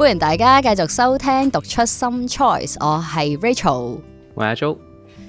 歡迎大家繼續收聽讀出 Some Choice，我係 Rachel，我係阿 Jo。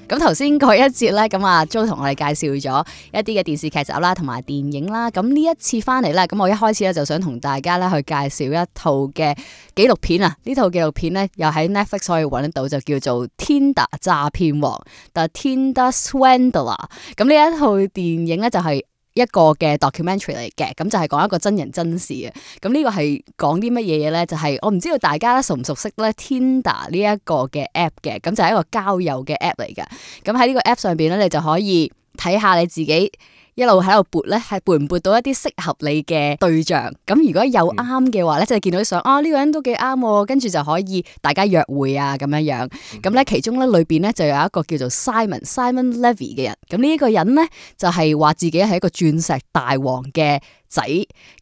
咁頭先嗰一節咧，咁阿 Jo 同我哋介紹咗一啲嘅電視劇集啦，同埋電影啦。咁呢一次翻嚟咧，咁我一開始咧就想同大家咧去介紹一套嘅紀錄片啊。呢套紀錄片咧又喺 Netflix 可以搵得到，就叫做《Tinder 詐騙王》，《The Tinder Swindler》。咁呢一套電影咧就係、是。一個嘅 documentary 嚟嘅，咁就係、是、講一個真人真事嘅。咁呢個係講啲乜嘢嘢呢？就係、是、我唔知道大家熟唔熟悉呢 Tinder 呢一個嘅 app 嘅，咁就係一個交友嘅 app 嚟嘅。咁喺呢個 app 上邊呢，你就可以睇下你自己。一路喺度撥咧，係撥唔撥到一啲適合你嘅對象。咁如果有啱嘅話咧，即係見到啲相，啊、哦、呢、呢個人都幾啱，跟住就可以大家約會啊咁樣樣。咁咧，其中咧裏邊咧就有一個叫做 Simon, Simon Simon Levy 嘅人。咁呢、就是、一個人咧就係話自己係一個鑽石大王嘅仔。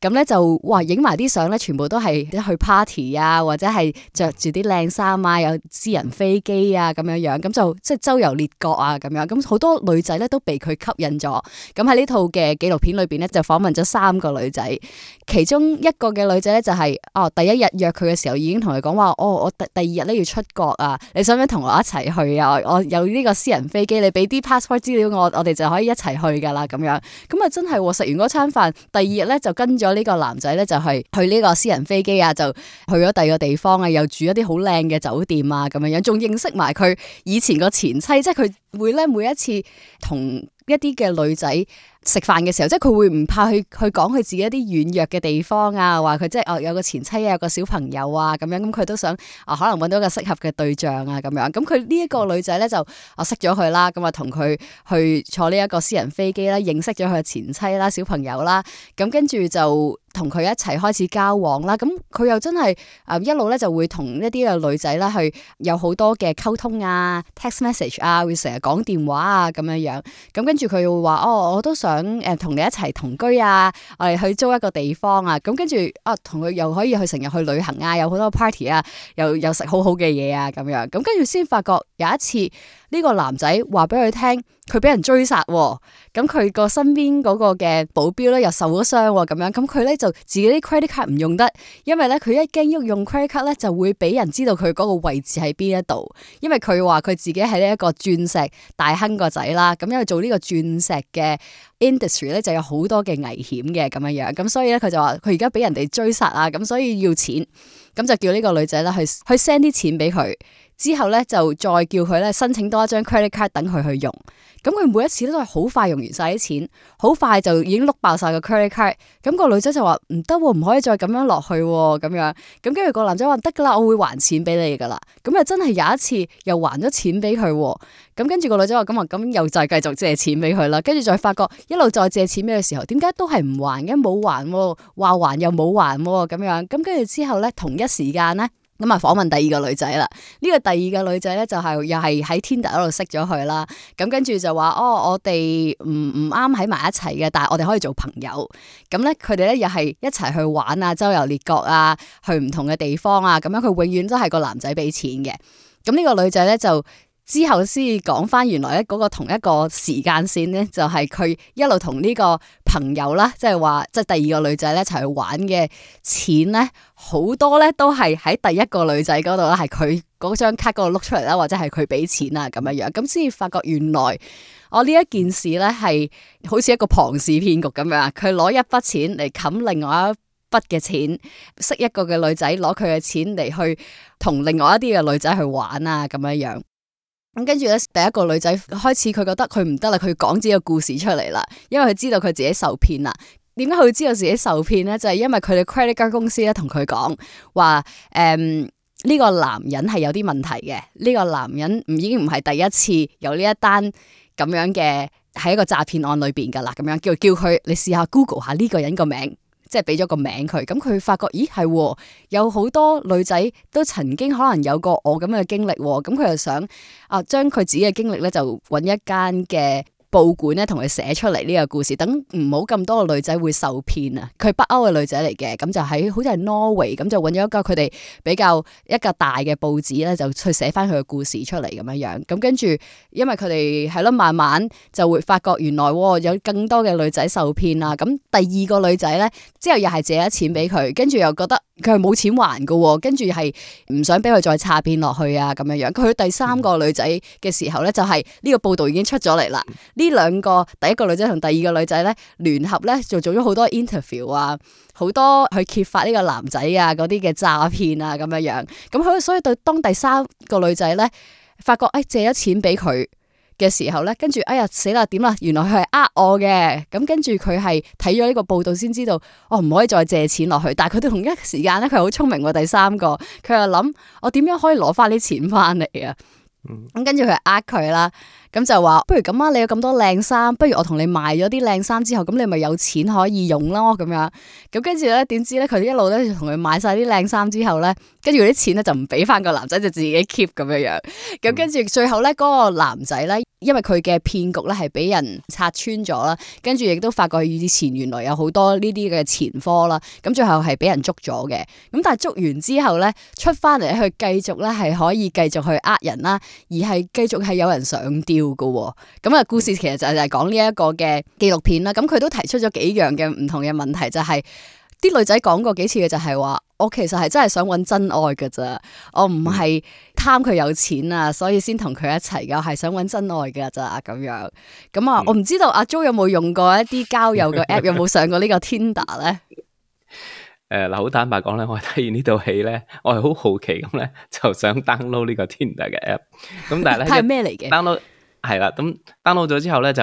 咁咧就哇影埋啲相咧，全部都係去 party 啊，或者係着住啲靚衫啊，有私人飛機啊咁樣樣。咁就即係、就是、周遊列國啊咁樣。咁好多女仔咧都被佢吸引咗。咁喺。呢套嘅紀錄片裏邊咧，就訪問咗三個女仔，其中一個嘅女仔咧就係、是、哦，第一日約佢嘅時候已經同佢講話，哦，我第第二日咧要出國啊，你想唔想同我一齊去啊？我有呢個私人飛機，你俾啲 passport 資料我，我哋就可以一齊去噶啦咁樣。咁啊，真係喎，食完嗰餐飯，第二日咧就跟咗呢個男仔咧就係去呢個私人飛機啊，就去咗第二個地方啊，又住一啲好靚嘅酒店啊，咁樣樣，仲認識埋佢以前個前妻，即係佢會咧每一次同。一啲嘅女仔。 食飯嘅時候，即係佢會唔怕去去講佢自己一啲軟弱嘅地方啊，話佢即係哦有個前妻啊，有個小朋友啊咁樣，咁佢都想啊可能揾到個適合嘅對象啊咁樣，咁佢呢一個女仔咧就啊識咗佢啦，咁啊同佢去坐呢一個私人飛機啦，認識咗佢嘅前妻啦、小朋友啦，咁跟住就同佢一齊開始交往啦，咁佢又真係啊一路咧就會同一啲嘅女仔啦，去有好多嘅溝通啊、text message 啊，會成日講電話啊咁樣樣，咁跟住佢會話哦我都想。想誒同你一齊同居啊！我哋去租一個地方啊！咁跟住啊，同佢又可以去成日去旅行啊，有好多 party 啊，又又食好好嘅嘢啊，咁樣咁跟住先發覺，有一次呢個男仔話俾佢聽，佢俾人追殺喎。咁佢個身邊嗰個嘅保鏢咧又受咗傷喎，咁樣咁佢咧就自己啲 credit card 唔用得，因為咧佢一驚喐用 credit card 咧就會俾人知道佢嗰個位置喺邊一度，因為佢話佢自己喺呢一個鑽石大亨個仔啦。咁因為做呢個鑽石嘅。industry 咧就有好多嘅危險嘅咁樣樣，咁所以咧佢就話佢而家俾人哋追殺啊，咁所以要錢，咁就叫呢個女仔咧去去 send 啲錢俾佢。之後咧就再叫佢咧申請多一張 credit card 等佢去用，咁佢每一次都係好快用完晒啲錢，好快就已經碌爆晒個 credit card。咁個女仔就話唔得，唔可以再咁樣落去咁樣。咁跟住個男仔話得噶啦，我會還錢俾你噶啦。咁又真係有一次又還咗錢俾佢。咁跟住個女仔話咁啊，咁又再繼續借錢俾佢啦。跟住再發覺一路再借錢俾佢嘅時候，點解都係唔還嘅？冇還，話還又冇還咁樣。咁跟住之後咧，同一時間咧。咁啊，訪問第二個女仔啦。呢個第二個女仔咧，就係又係喺 Tinder 嗰度識咗佢啦。咁跟住就話，哦，我哋唔唔啱喺埋一齊嘅，但係我哋可以做朋友。咁咧，佢哋咧又係一齊去玩啊，周遊列國啊，去唔同嘅地方啊。咁樣佢永遠都係個男仔俾錢嘅。咁呢個女仔咧就。之後先講翻原來咧嗰個同一個時間線咧，就係佢一路同呢個朋友啦，即係話即係第二個女仔咧一齊去玩嘅錢咧，好多咧都係喺第一個女仔嗰度啦，係佢嗰張卡嗰度碌出嚟，啦，或者係佢俾錢啊咁樣樣。咁先至發覺原來我呢一件事咧係好似一個龐氏騙局咁樣，佢攞一筆錢嚟冚另外一筆嘅錢，識一個嘅女仔攞佢嘅錢嚟去同另外一啲嘅女仔去玩啊咁樣樣。咁跟住咧，第一個女仔開始，佢覺得佢唔得啦，佢要講自己嘅故事出嚟啦。因為佢知道佢自己受騙啦。點解佢知道自己受騙咧？就係、是、因為佢哋 credit 卡公司咧同佢講話，誒，呢、嗯這個男人係有啲問題嘅。呢、這個男人唔已經唔係第一次有呢一單咁樣嘅喺一個詐騙案裏邊噶啦。咁樣叫叫佢，你試 Go 下 Google 下呢個人個名。即係俾咗個名佢，咁佢發覺，咦係喎，有好多女仔都曾經可能有過我咁嘅經歷喎，咁佢又想啊，將佢自己嘅經歷咧，就搵一間嘅。報館咧同佢寫出嚟呢個故事，等唔好咁多嘅女仔會受騙啊！佢北歐嘅女仔嚟嘅，咁就喺好似係挪威咁，就搵咗一個佢哋比較一個大嘅報紙咧，就去寫翻佢嘅故事出嚟咁樣樣。咁跟住，因為佢哋係咯，慢慢就會發覺原來、哦、有更多嘅女仔受騙啊！咁第二個女仔呢，之後又係借咗錢俾佢，跟住又覺得。佢係冇錢還噶、哦，跟住係唔想俾佢再詐騙落去啊咁樣樣。佢第三個女仔嘅時候咧，就係、是、呢個報道已經出咗嚟啦。呢兩個第一個女仔同第二個女仔咧，聯合咧就做咗好多 interview 啊，好多去揭發呢個男仔啊嗰啲嘅詐騙啊咁樣樣。咁佢，所以對當第三個女仔咧，發覺誒、哎、借咗錢俾佢嘅時候咧，跟住哎呀死啦點啦，原來佢係呃我嘅，咁跟住佢係睇咗呢個報道先知道，我、哦、唔可以再借錢落去。但係佢哋同一時間咧，佢好聰明喎、啊。第三個佢又諗，我點樣可以攞翻啲錢翻嚟啊？咁、嗯、跟住佢係呃佢啦，咁就話不如咁啊！你有咁多靚衫，不如我同你買咗啲靚衫之後，咁你咪有錢可以用咯咁樣。咁跟住咧，點知咧佢一路咧同佢買晒啲靚衫之後咧。跟住啲錢咧就唔俾翻個男仔，就自己 keep 咁樣樣。咁跟住最後咧，嗰、那個男仔咧，因為佢嘅騙局咧係俾人拆穿咗啦。跟住亦都發覺以前原來有好多呢啲嘅前科啦。咁最後係俾人捉咗嘅。咁但係捉完之後咧，出翻嚟去繼續咧係可以繼續去呃人啦，而係繼續係有人上吊噶。咁啊，故事其實就係講呢一個嘅紀錄片啦。咁佢都提出咗幾樣嘅唔同嘅問題，就係、是。啲女仔講過幾次嘅就係話，我其實係真係想揾真愛㗎咋。我唔係貪佢有錢啊，所以先同佢一齊嘅，係想揾真愛㗎咋咁樣。咁、嗯、啊，我唔、嗯、知道阿 Jo 有冇用過一啲交友嘅 app， 有冇上過個呢個 Tinder 咧？誒、 呃，好坦白講咧，我睇完呢套戲咧，我係好好奇咁咧，就想 download 呢個 Tinder 嘅 app。咁但係咧，係咩嚟嘅？download 係啦，咁 download 咗之後咧就。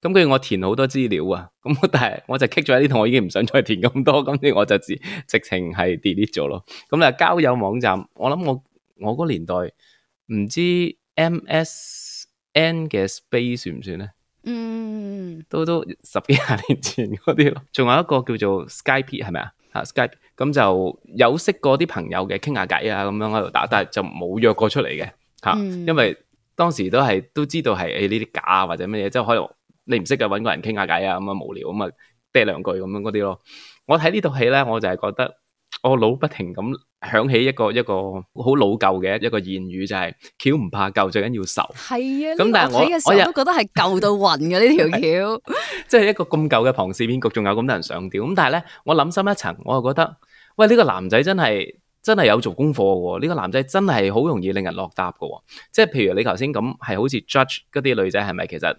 咁跟住我填好多資料啊，咁但係我就棘咗一啲，同我已經唔想再填咁多，跟住我就自直情係 delete 咗咯。咁、嗯、咧交友網站，我諗我我嗰個年代唔知 MSN 嘅 space 算唔算咧？嗯，都都十幾廿年前嗰啲咯。仲有一個叫做 Skype 係咪啊？吓 Skype，咁就有識過啲朋友嘅傾下偈啊，咁樣喺度打，但係就冇約過出嚟嘅吓，啊嗯、因為當時都係都知道係誒呢啲假或者乜嘢，即係可能。你唔識嘅，揾個人傾下偈啊，咁啊無聊咁啊，啤兩句咁樣嗰啲咯。我睇呢套戲咧，我就係覺得我腦不停咁響起一個一個好老舊嘅一個言語，就係「橋唔怕舊，最緊要受」。係啊，咁但係我我都覺得係舊到暈嘅呢條橋，即係一個咁舊嘅龐氏騙局，仲有咁多人上吊。咁但係咧，我諗深一層，我又覺得喂，呢個男仔真係真係有做功課喎。呢個男仔真係好容易令人落搭嘅，即係譬如你頭先咁係好似 judge 嗰啲女仔，係咪其實？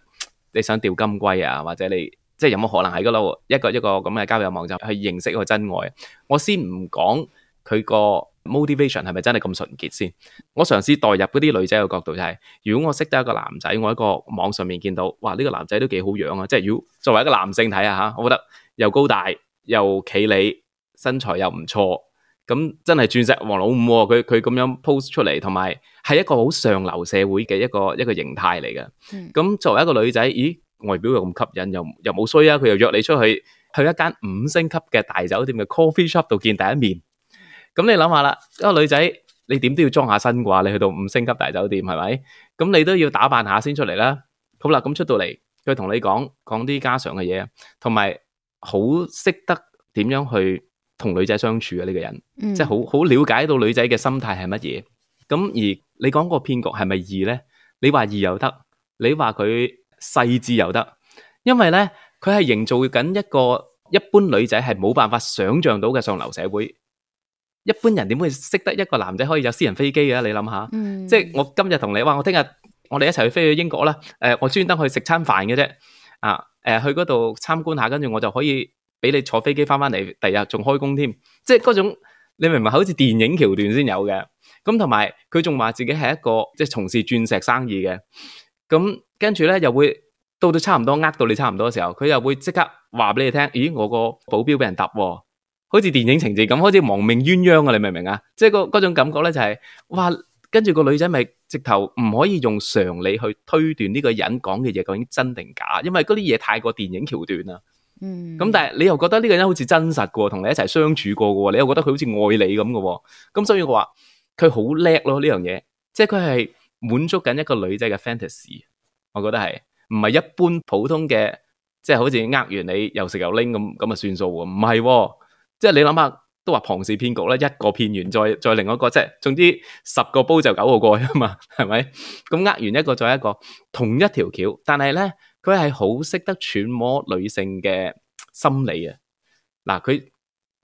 你想釣金龜啊，或者你即係有冇可能喺嗰度？一個一個咁嘅交友網站去認識一個真愛。我先唔講佢個 motivation 係咪真係咁純潔先。我嘗試代入嗰啲女仔嘅角度，就是，就係如果我識得一個男仔，我喺個網上面見到，哇！呢、這個男仔都幾好樣啊，即係如果作為一個男性睇下，吓，我覺得又高大又企理，身材又唔錯。咁真係鑽石王老五，佢佢咁樣 post 出嚟，同埋係一個好上流社會嘅一個一個形態嚟嘅。咁、嗯、作為一個女仔，咦，外表又咁吸引，又又冇衰啊！佢又約你出去去一間五星級嘅大酒店嘅 coffee shop 度見第一面。咁你諗下啦，一個女仔，你點都要裝下身啩？你去到五星級大酒店係咪？咁你都要打扮下先出嚟啦。好啦，咁出到嚟，佢同你講講啲家常嘅嘢，同埋好識得點樣去。同女仔相處啊呢、這個人，即係好好了解到女仔嘅心態係乜嘢。咁、嗯、而你講個騙局係咪易咧？你話易又得，你話佢細致又得，因為咧佢係營造緊一個一般女仔係冇辦法想象到嘅上流社會。一般人點會識得一個男仔可以有私人飛機嘅？你諗下，嗯、即係我今日同你話，我聽日我哋一齊去飛去英國啦。誒，我專登去食餐飯嘅啫。啊，誒、呃，去嗰度參觀下，跟住我就可以。俾你坐飛機翻翻嚟，第日仲開工添，即係嗰種你明唔明？好似電影橋段先有嘅，咁同埋佢仲話自己係一個即係從事鑽石生意嘅，咁、嗯、跟住咧又會到到差唔多，呃到你差唔多嘅時候，佢又會即刻話俾你聽，咦，我個保鏢俾人搭、啊，好似電影情節咁，好似亡命鴛鴦啊！你明唔明啊？即係嗰種感覺咧就係、是，哇！跟住個女仔咪直頭唔可以用常理去推斷呢個人講嘅嘢，究竟真定假，因為嗰啲嘢太過電影橋段啦。咁、嗯、但係你又覺得呢個人好似真實嘅，同你一齊相處過嘅，你又覺得佢好似愛你咁嘅，咁、嗯、所以我話佢好叻咯呢樣嘢，即係佢係滿足緊一個女仔嘅 fantasy，我覺得係唔係一般普通嘅，即係好似呃完你又食又拎咁咁啊算數喎，唔係，即係你諗下都話龐氏騙局啦，一個騙完再再另一個，即係總之十個煲就九個蓋啊嘛，係咪？咁 呃、嗯、完一個再一個，同一條橋，但係咧。佢係好識得揣摩女性嘅心理啊！嗱，佢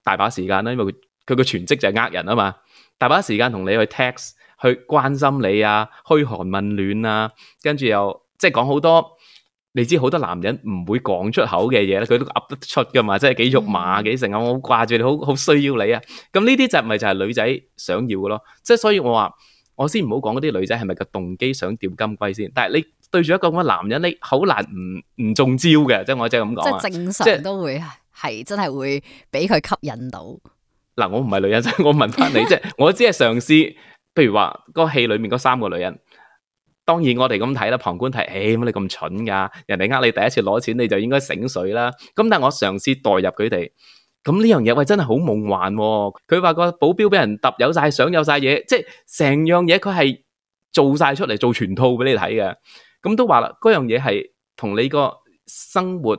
大把時間咧，因為佢佢個全職就係呃人啊嘛，大把時間同你去 text，去關心你啊，噓寒問暖啊，跟住又即係講好多你知好多男人唔會講出口嘅嘢咧，佢都噏得出噶嘛，即係幾肉麻，幾成啊！我好掛住你，好好需要你啊！咁呢啲就係咪就係女仔想要嘅咯？即係所以我話我先唔好講嗰啲女仔係咪個動機想釣金龜先，但係你對住一個咁嘅男人，你好難唔唔中招嘅，即係我即係咁講，即正常，即都會係即真係會俾佢吸引到。嗱，我唔係女人，我問翻你，即係 我只係嘗試，譬如話，個戲裏面嗰三個女人，當然我哋咁睇啦，旁觀睇，誒、哎、乜你咁蠢噶？人哋呃你第一次攞錢，你就應該醒水啦。咁但係我嘗試代入佢哋，咁呢樣嘢喂真係好夢幻喎。佢話個保鏢俾人揼有晒相有晒嘢，即係成樣嘢佢係做晒出嚟做全套俾你睇嘅。咁都話啦，嗰樣嘢係同你個生活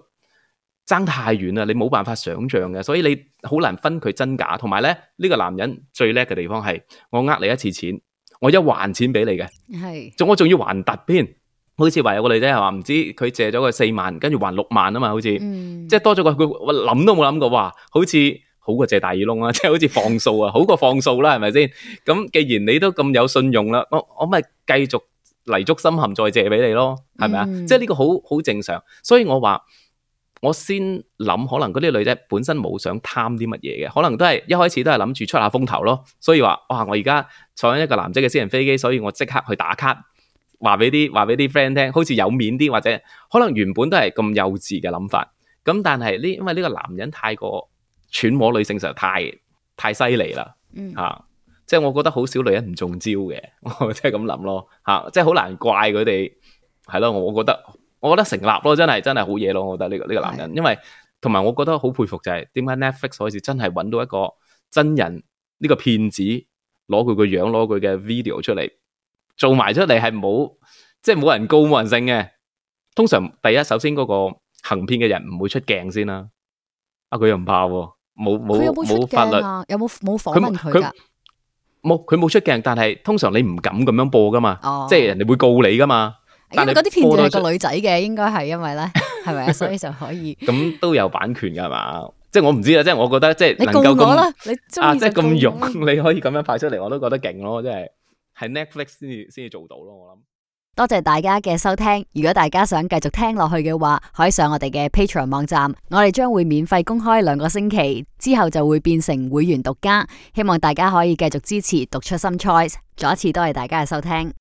爭太遠啦，你冇辦法想象嘅，所以你好難分佢真假。同埋咧，呢、呢個男人最叻嘅地方係，我呃你一次錢，我一還錢俾你嘅，係，仲我仲要還突邊，好似話有個女仔係話，唔知佢借咗佢四萬，跟住還六萬啊嘛，好似，嗯、即係多咗個佢諗都冇諗過，哇，好似好過借大耳窿啊，即係好似放數啊，好過放數啦，啊，係咪先？咁既然你都咁有信用啦，我我咪繼續。泥足深陷再借俾你咯，係咪啊？嗯、即係呢個好好正常，所以我話我先諗，可能嗰啲女仔本身冇想貪啲乜嘢嘅，可能都係一開始都係諗住出下風頭咯。所以話，哇！我而家坐緊一個男仔嘅私人飛機，所以我即刻去打卡，話俾啲話俾啲 friend 聽，好似有面啲，或者可能原本都係咁幼稚嘅諗法。咁但係呢，因為呢個男人太過揣摩女性，實在太太犀利啦。嗯、啊即係我覺得好少女人唔中招嘅，我即係咁諗咯吓、啊，即係好難怪佢哋係咯，我覺得我覺得成立咯，真係真係好嘢咯，我覺得呢、這個呢、這個男人，是的 因為同埋我覺得好佩服就係、是、點解 Netflix 可以真係揾到一個真人呢、這個騙子攞佢個樣，攞佢嘅 video 出嚟做埋出嚟係冇即係冇人告冇人性嘅，通常第一首先嗰個行騙嘅人唔會出鏡先啦，啊佢又唔怕喎、啊，冇冇冇法律，有冇冇訪問佢冇，佢冇出鏡，但係通常你唔敢咁樣播噶嘛，哦、即係人哋會告你噶嘛因但你。因為嗰啲片係個女仔嘅，應該係因為咧，係咪啊？所以就可以。咁都有版權噶係嘛？即係我唔知啊，即係我覺得即係能夠咁啊，即係咁容你可以咁樣派出嚟，我都覺得勁咯，即係。係 Netflix 先至先至做到咯，我諗。多謝大家嘅收聽，如果大家想繼續聽落去嘅話，可以上我哋嘅 Patreon 網站，我哋將會免費公開兩個星期，之後就會變成會員獨家，希望大家可以繼續支持讀出 Some Choice。再一次多謝大家嘅收聽。